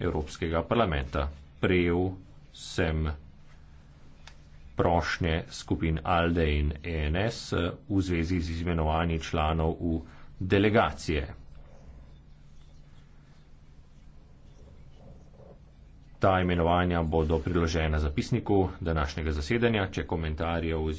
Evropskega parlamenta. Prejel sem prošnje skupin ALDE in ENS eh, v zvezi z izmenovanji članov v delegacije. Ta imenovanja bodo priložena zapisniku današnjega zasedanja. Če komentarjev oz.